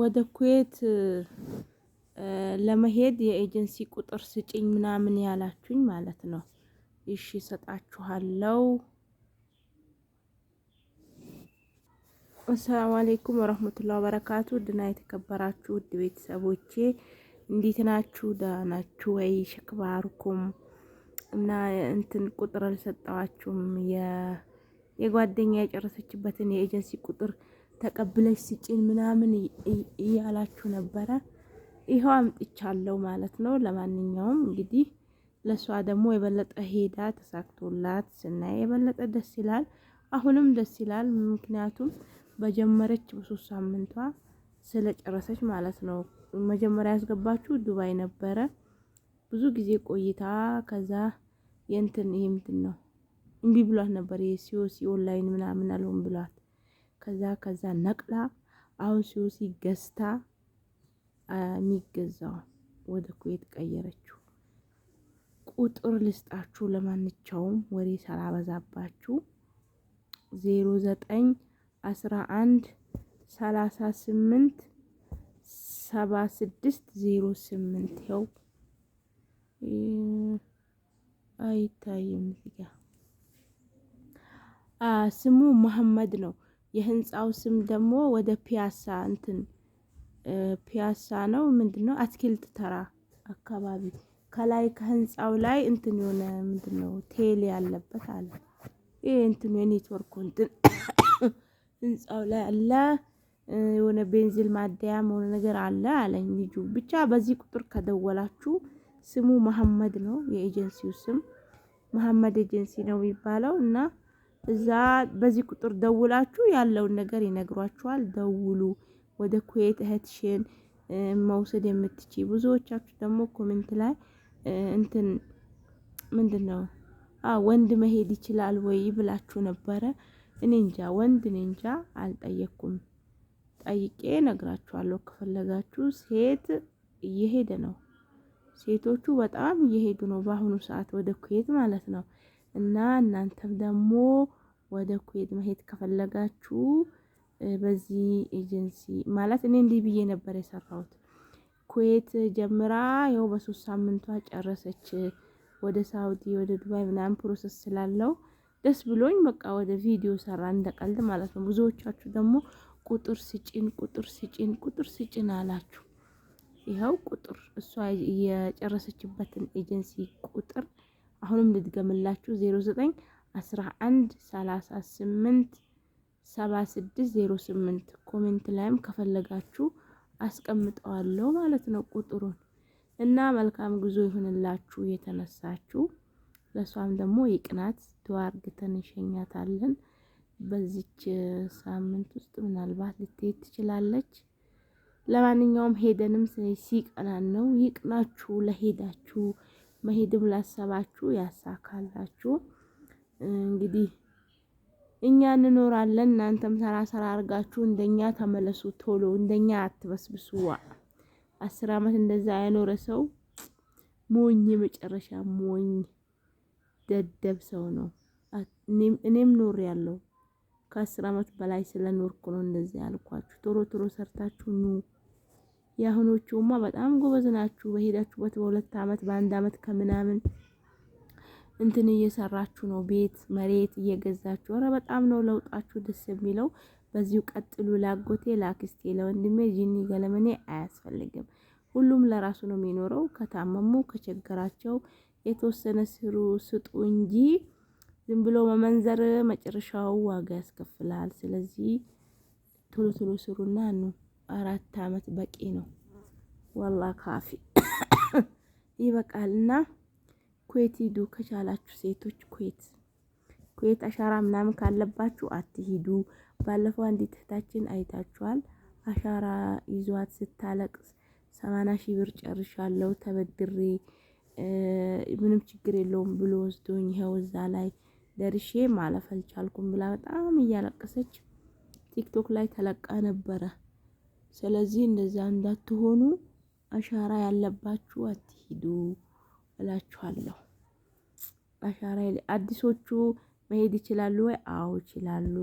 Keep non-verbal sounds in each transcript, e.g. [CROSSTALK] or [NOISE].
ወደ ኩዌት ለመሄድ የኤጀንሲ ቁጥር ስጭኝ ምናምን ያላችሁኝ ማለት ነው። እሺ ሰጣችኋለው። አሰላሙ አሌይኩም ወረህመቱላ ወበረካቱ። ድና የተከበራችሁ ውድ ቤተሰቦቼ እንዴት ናችሁ? ደህና ናችሁ ወይ? ሸክባርኩም እና እንትን ቁጥር አልሰጠዋችሁም የጓደኛ የጨረሰችበትን የኤጀንሲ ቁጥር ተቀብለሽ ስጪን ምናምን እያላችሁ ነበረ። ይኸው አምጥቻለሁ ማለት ነው። ለማንኛውም እንግዲህ ለእሷ ደግሞ የበለጠ ሄዳ ተሳክቶላት ስናይ የበለጠ ደስ ይላል። አሁንም ደስ ይላል። ምክንያቱም በጀመረች በሶስት ሳምንቷ ስለጨረሰች ማለት ነው። መጀመሪያ ያስገባችሁ ዱባይ ነበረ ብዙ ጊዜ ቆይታ ከዛ የንትን ይህ ምንድን ነው እምቢ ብሏት ነበር የሲኦሲ ኦንላይን ምናምን አልሆን ብሏት ከዛ ከዛ ነቅላ አውሲ ውሲ ገዝታ የሚገዛው ወደ ኩዌት ቀየረችው። ቁጥር ልስጣችሁ ለማንኛውም ወሬ ሳላበዛባችሁ ዜሮ ዘጠኝ አስራ አንድ ሰላሳ ስምንት ሰባ ስድስት ዜሮ ስምንት ይኸው አይታይም ስሙ መሐመድ ነው። የህንፃው ስም ደግሞ ወደ ፒያሳ እንትን ፒያሳ ነው ምንድን ነው አትክልት ተራ አካባቢ ከላይ ከህንፃው ላይ እንትን የሆነ ምንድን ነው ቴሌ ያለበት አለ። ይሄ እንትን የኔትወርክ [COUGHS] እንትን ህንፃው ላይ አለ የሆነ ቤንዚል ማደያም ሆነ ነገር አለ አለኝ ልጁ። ብቻ በዚህ ቁጥር ከደወላችሁ ስሙ መሐመድ ነው የኤጀንሲው ስም መሐመድ ኤጀንሲ ነው የሚባለው እና እዛ በዚህ ቁጥር ደውላችሁ ያለውን ነገር ይነግሯችኋል። ደውሉ ወደ ኩዌት እህትሽን መውሰድ የምትች ብዙዎቻችሁ ደግሞ ኮሜንት ላይ እንትን ምንድን ነው ወንድ መሄድ ይችላል ወይ ብላችሁ ነበረ። እኔ እንጃ ወንድ እኔ እንጃ አልጠየኩም። ጠይቄ ነግራችኋለሁ። ከፈለጋችሁ ሴት እየሄደ ነው። ሴቶቹ በጣም እየሄዱ ነው በአሁኑ ሰዓት ወደ ኩዌት ማለት ነው። እና እናንተም ደግሞ ወደ ኩዌት መሄድ ከፈለጋችሁ በዚህ ኤጀንሲ ማለት እኔ እንዲህ ብዬ ነበር የሰራሁት። ኩዌት ጀምራ ያው በሶስት ሳምንቷ ጨረሰች። ወደ ሳውዲ ወደ ዱባይ ምናምን ፕሮሰስ ስላለው ደስ ብሎኝ በቃ ወደ ቪዲዮ ሰራ እንደቀልድ ማለት ነው። ብዙዎቻችሁ ደግሞ ቁጥር ስጭን ቁጥር ስጭን ቁጥር ስጭን አላችሁ። ይኸው ቁጥር እሷ የጨረሰችበትን ኤጀንሲ ቁጥር አሁንም ልድገምላችሁ 09 11 38 08 ኮሜንት ላይም ከፈለጋችሁ አስቀምጠዋለሁ ማለት ነው ቁጥሩን እና መልካም ጉዞ ይሁንላችሁ። የተነሳችሁ ለእሷም ደግሞ የቅናት ድዋ አርግተን በዚች ሳምንት ውስጥ ምናልባት ልትሄድ ትችላለች። ለማንኛውም ሄደንም ሲቀናን ነው ይቅናችሁ ለሄዳችሁ መሄድም ላሰባችሁ ያሳካላችሁ። እንግዲህ እኛ እንኖራለን፣ እናንተም ሰራ ሰራ አድርጋችሁ እንደኛ ተመለሱ። ቶሎ እንደኛ አትበስብሱ። አስር አመት እንደዛ ያኖረ ሰው ሞኝ፣ የመጨረሻ ሞኝ ደደብ ሰው ነው። እኔም ኖር ያለው ከአስር አመት በላይ ስለኖርኩ ነው እንደዚህ ያልኳችሁ። ቶሎ ቶሎ ሰርታችሁ ኑ። የአሁኖቹማ በጣም ጎበዝ ናችሁ። በሄዳችሁበት በሁለት አመት በአንድ አመት ከምናምን እንትን እየሰራችሁ ነው፣ ቤት መሬት እየገዛችሁ። ኧረ በጣም ነው ለውጣችሁ ደስ የሚለው። በዚሁ ቀጥሉ። ላጎቴ ላክስቴ፣ ለወንድሜ ጂኒ ገለመኔ አያስፈልግም። ሁሉም ለራሱ ነው የሚኖረው። ከታመሙ ከቸገራቸው የተወሰነ ስሩ ስጡ እንጂ ዝም ብሎ መመንዘር መጨረሻው ዋጋ ያስከፍላል። ስለዚህ ቶሎ ቶሎ ስሩና ነው አራት አመት በቂ ነው። ወላ ካፊ ይበቃልና ኩዌት ሂዱ ከቻላችሁ ሴቶች ኩዌት ኩዌት አሻራ ምናምን ካለባችሁ አትሂዱ። ባለፈው አንዲት እህታችን አይታችኋል። አሻራ ይዟት ስታለቅስ 80 ሺህ ብር ጨርሻለሁ ተበድሬ ምንም ችግር የለውም ብሎ ወስዶኝ ይኸው እዛ ላይ ደርሼ ማለፍ አልቻልኩም ብላ በጣም እያለቀሰች ቲክቶክ ላይ ተለቃ ነበረ። ስለዚህ እንደዛ እንዳትሆኑ አሻራ ያለባችሁ አትሂዱ እላችኋለሁ። አሻራ አዲሶቹ መሄድ ይችላሉ ወይ? አዎ ይችላሉ።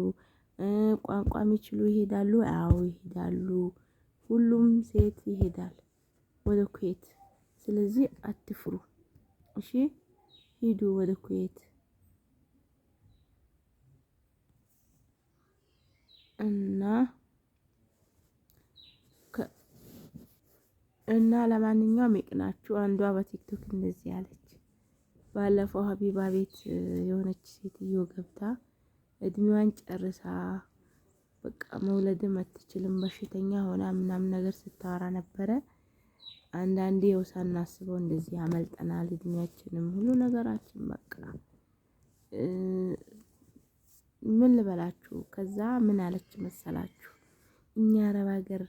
ቋንቋ የሚችሉ ይሄዳሉ? አዎ ይሄዳሉ። ሁሉም ሴት ይሄዳል ወደ ኩዌት። ስለዚህ አትፍሩ፣ እሺ ሂዱ ወደ ኩዌት እና እና ለማንኛውም ይቅናችሁ። አንዷ በቲክቶክ እንደዚህ ያለች ባለፈው ሀቢባ ቤት የሆነች ሴትዮ ገብታ እድሜዋን ጨርሳ በቃ መውለድም አትችልም በሽተኛ ሆና ምናምን ነገር ስታወራ ነበረ። አንዳንዴ ያው ሳናስበው እንደዚህ ያመልጠናል። እድሜያችንም ሁሉ ነገራችን በቃ ምን ልበላችሁ። ከዛ ምን አለች መሰላችሁ እኛ አረብ ሀገር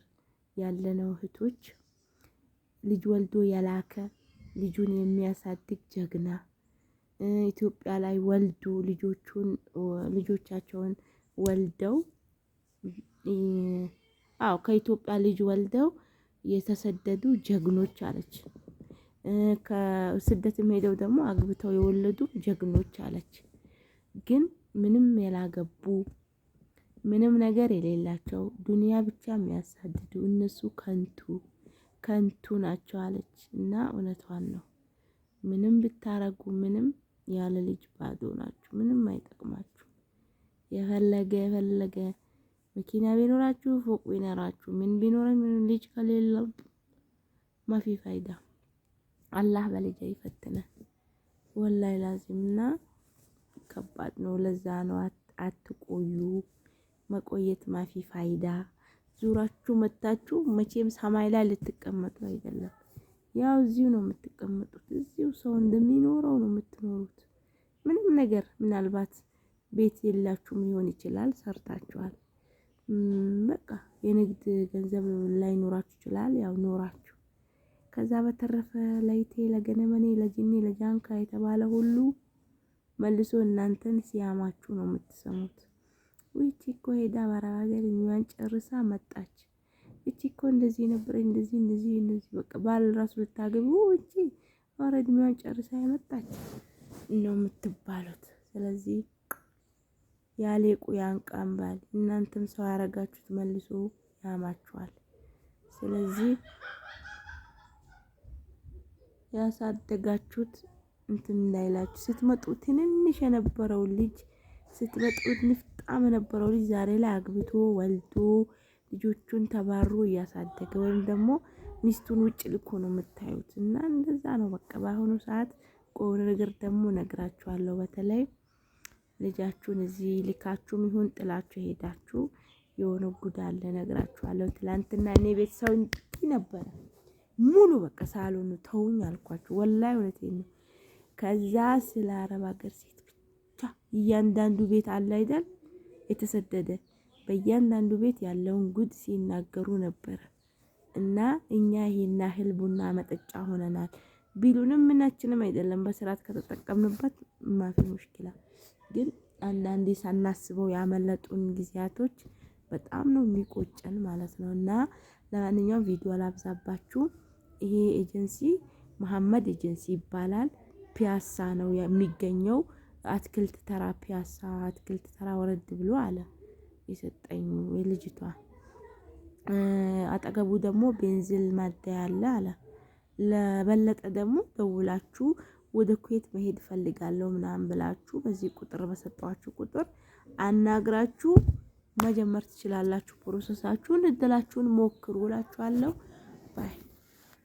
ያለነው እህቶች ልጅ ወልዶ የላከ ልጁን የሚያሳድግ ጀግና ኢትዮጵያ ላይ ወልዶ ልጆቹን ልጆቻቸውን ወልደው አዎ ከኢትዮጵያ ልጅ ወልደው የተሰደዱ ጀግኖች አለች። ከስደትም ሄደው ደግሞ አግብተው የወለዱ ጀግኖች አለች። ግን ምንም ያላገቡ ምንም ነገር የሌላቸው ዱንያ ብቻ የሚያሳድዱ እነሱ ከንቱ ከንቱ ናቸው አለች እና እውነቷን ነው። ምንም ብታረጉ ምንም ያለ ልጅ ባዶ ናችሁ፣ ምንም አይጠቅማችሁ። የፈለገ የፈለገ መኪና ቢኖራችሁ ፎቅ ቢኖራችሁ ምን ቢኖረ ምን ልጅ ከሌለው ማፊ ፋይዳ። አላህ በልጅ ይፈትነ ወላይ ላዚምና ከባድ ነው። ለዛ ነው አትቆዩ፣ መቆየት ማፊ ፋይዳ ዙራችሁ መታችሁ መቼም ሰማይ ላይ ልትቀመጡ አይደለም። ያው እዚሁ ነው የምትቀመጡት። እዚሁ ሰው እንደሚኖረው ነው የምትኖሩት። ምንም ነገር ምናልባት ቤት የላችሁም ሊሆን ይችላል፣ ሰርታችኋል። በቃ የንግድ ገንዘብ ላይኖራችሁ ይችላል። ያው ኖራችሁ ከዛ በተረፈ ለይቴ ለገነመኔ ለጅኔ ለጃንካ የተባለ ሁሉ መልሶ እናንተን ሲያማችሁ ነው የምትሰሙት። ይቺ እኮ ሄዳ በአረብ ሀገር እኛን ጨርሳ መጣች። ይቺ እኮ እንደዚህ ነበር እንደዚህ እንደዚህ እንደዚህ በቃ ባል ራሱ ልታገቡ እቺ ወረድ እድሜዋን ጨርሳ ያመጣች ነው የምትባሉት። ስለዚህ ያሌቁ ያንቃን ባል እናንተም ሰው ያረጋችሁት መልሶ ያማችኋል። ስለዚህ ያሳደጋችሁት እንትን እንዳይላችሁ ስትመጡ ትንንሽ የነበረው ልጅ ስትመጡት በጣም የነበረው ልጅ ዛሬ ላይ አግብቶ ወልዶ ልጆቹን ተባሮ እያሳደገ ወይም ደግሞ ሚስቱን ውጭ ልኮ ነው የምታዩት። እና እንደዛ ነው በቃ። በአሁኑ ሰዓት ቆሆነ ነገር ደግሞ ነግራችኋለሁ። በተለይ ልጃችሁን እዚህ ልካችሁም ይሁን ጥላችሁ ሄዳችሁ የሆነ ጉዳ አለ፣ ነግራችኋለሁ። ትላንትና እኔ ቤተሰብ እንዲ ነበረ ሙሉ በቃ ሳሎኑ ተውኝ አልኳችሁ። ወላይ እውነቴ ነው። ከዛ ስለ አረብ ሀገር ሴት ብቻ እያንዳንዱ ቤት አለ አይደል የተሰደደ በእያንዳንዱ ቤት ያለውን ጉድ ሲናገሩ ነበረ። እና እኛ ይሄን ያህል ቡና መጠጫ ሆነናል ቢሉንም ምናችንም አይደለም በስርዓት ከተጠቀምንበት ማፊ ሙሽኪላ። ግን አንዳንዴ ሳናስበው ያመለጡን ጊዜያቶች በጣም ነው የሚቆጨን ማለት ነው። እና ለማንኛውም ቪዲዮ ላብዛባችሁ። ይሄ ኤጀንሲ መሀመድ ኤጀንሲ ይባላል። ፒያሳ ነው የሚገኘው። አትክልት ተራ ፒያሳ አትክልት ተራ ወረድ ብሎ አለ የሰጠኝ የልጅቷ። አጠገቡ ደግሞ ቤንዚል ማደያ አለ አለ። ለበለጠ ደግሞ ደውላችሁ ወደ ኩዌት መሄድ ፈልጋለሁ ምናምን ብላችሁ በዚህ ቁጥር በሰጠዋችሁ ቁጥር አናግራችሁ መጀመር ትችላላችሁ። ፕሮሰሳችሁን እድላችሁን ሞክሩ እላችኋለሁ ባይ